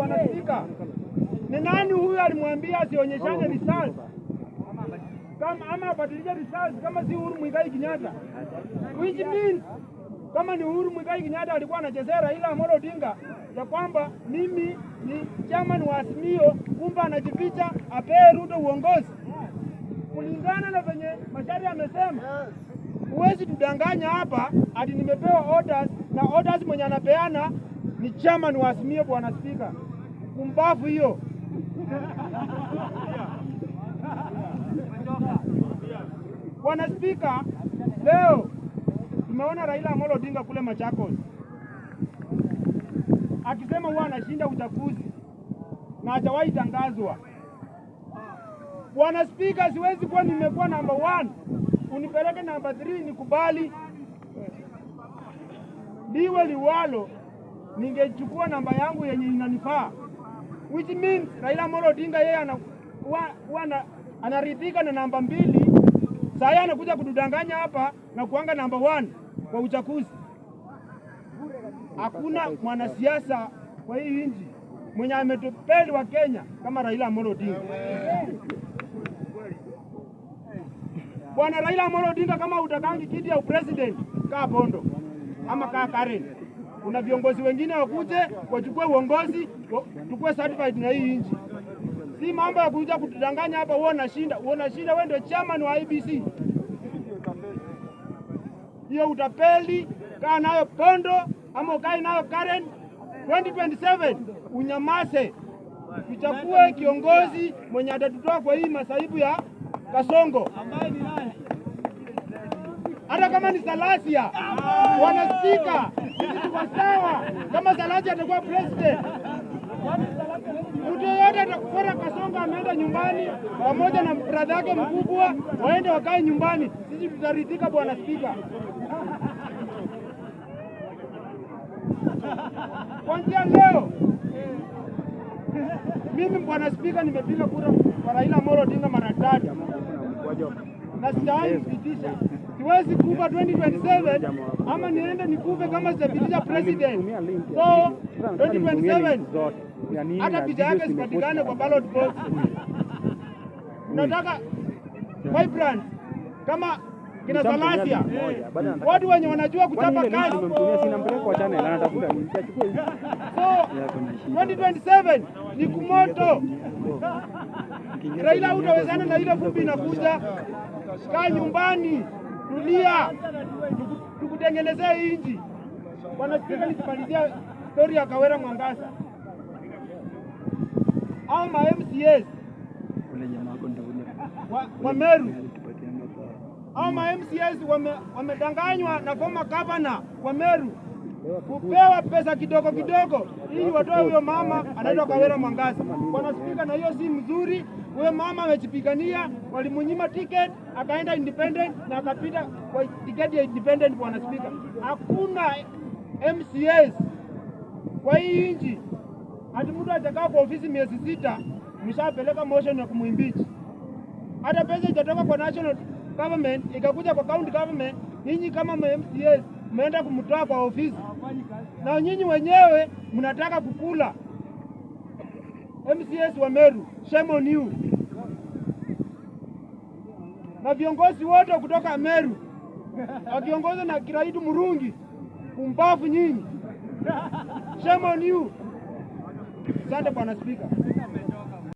Bwana Spika, ni nani huyu alimwambia asionyeshane risasi kama ama apatilishe risasi kama si Uhuru Muigai Kenyatta? Which means kama ni Uhuru Muigai Kenyatta alikuwa anachezea Raila Amolo Odinga ya kwamba mimi ni chairman wa Azimio, kumbe anajificha apee Ruto uongozi kulingana na venye Macharia amesema. Huwezi tudanganya hapa ati nimepewa orders na orders mwenye anapeana ni chairman wa Azimio, Bwana Spika. Pumbavu hiyo. Bwana Spika, leo tumeona Raila Amolo Odinga kule Machakos akisema huwa anashinda uchaguzi na hajawahi tangazwa. Bwana Spika, siwezi kuwa nimekuwa namba one unipeleke namba 3 nikubali. Liwe liwalo, ningechukua namba yangu yenye inanifaa which means Raila Amolo Odinga yeye anaridhika na namba mbili, Sasa yeye anakuja kududanganya hapa na kuanga namba one kwa uchaguzi. Hakuna mwanasiasa kwa hii nchi mwenye ametupeli wa Kenya kama Raila Amolo Odinga. Bwana Raila Amolo Odinga, kama utakangi kiti ya upresident, kaa Bondo ama kaa Karen kuna viongozi wengine wakuje wachukue uongozi, tukue satisfied na hii nchi. Si mambo ya kuja kutudanganya hapa, wewe unashinda, wewe unashinda, wewe ndio chairman wa IBC. Hiyo utapeli kaa nayo Pondo ama ukae nayo Karen. 2027 unyamase tuchague kiongozi mwenye atatutoa kwa hii masaibu ya Kasongo hata kama ni Salasia wanasika kwa sawa. Kama Salasia atakuwa president, mtu yote atakufora Kasonga ameenda nyumbani pamoja na bradha yake mkubwa, waende wakae nyumbani, sisi tutaridhika, bwana spika. Kwanzia leo mimi bwana spika, nimepiga kura kwa Raila Amolo Odinga mara tatu na sitawahi kupitisha siwezi kufa 2027 ama niende nikufe kama sitapitiza president. So 2027 hata picha yake sipatikane kwa ballot box. Nataka vibrant kama kina Salasia, watu wenye wanajua kuchapa kazi. So 2027 ni kumoto. Raila, utawezana na ile vumbi inakuja. Kaa nyumbani dunia tukutengenezee inji. Bwana Spika, nikimalizia stori ya Kawera Mwangasa au ma MCAs wa, wa Meru au ma MCS wamedanganywa na former governor wa Meru kupewa pesa kidogo kidogo ili watoe huyo mama anaitwa Kawera Mwangasa. Bwana Spika, na hiyo si mzuri. Huyo mama amejipigania, walimunyima tiketi akaenda independent na akapita kwa tiketi ya independent. Bwana Spika, hakuna MCAs kwa hii nchi hati mtu atakaa kwa ofisi miezi sita, mshapeleka motion ya kumwimbichi. Hata pesa itatoka kwa national government ikakuja kwa county government, ninyi kama MCAs mmeenda kumtoa kwa ofisi, na nyinyi wenyewe mnataka kukula. MCS wa Meru, shame on you. Na viongozi wote kutoka Meru wakiongozwa na Kiraitu Murungi, kumbavu nyinyi, shame on you. Asante bwana Spika.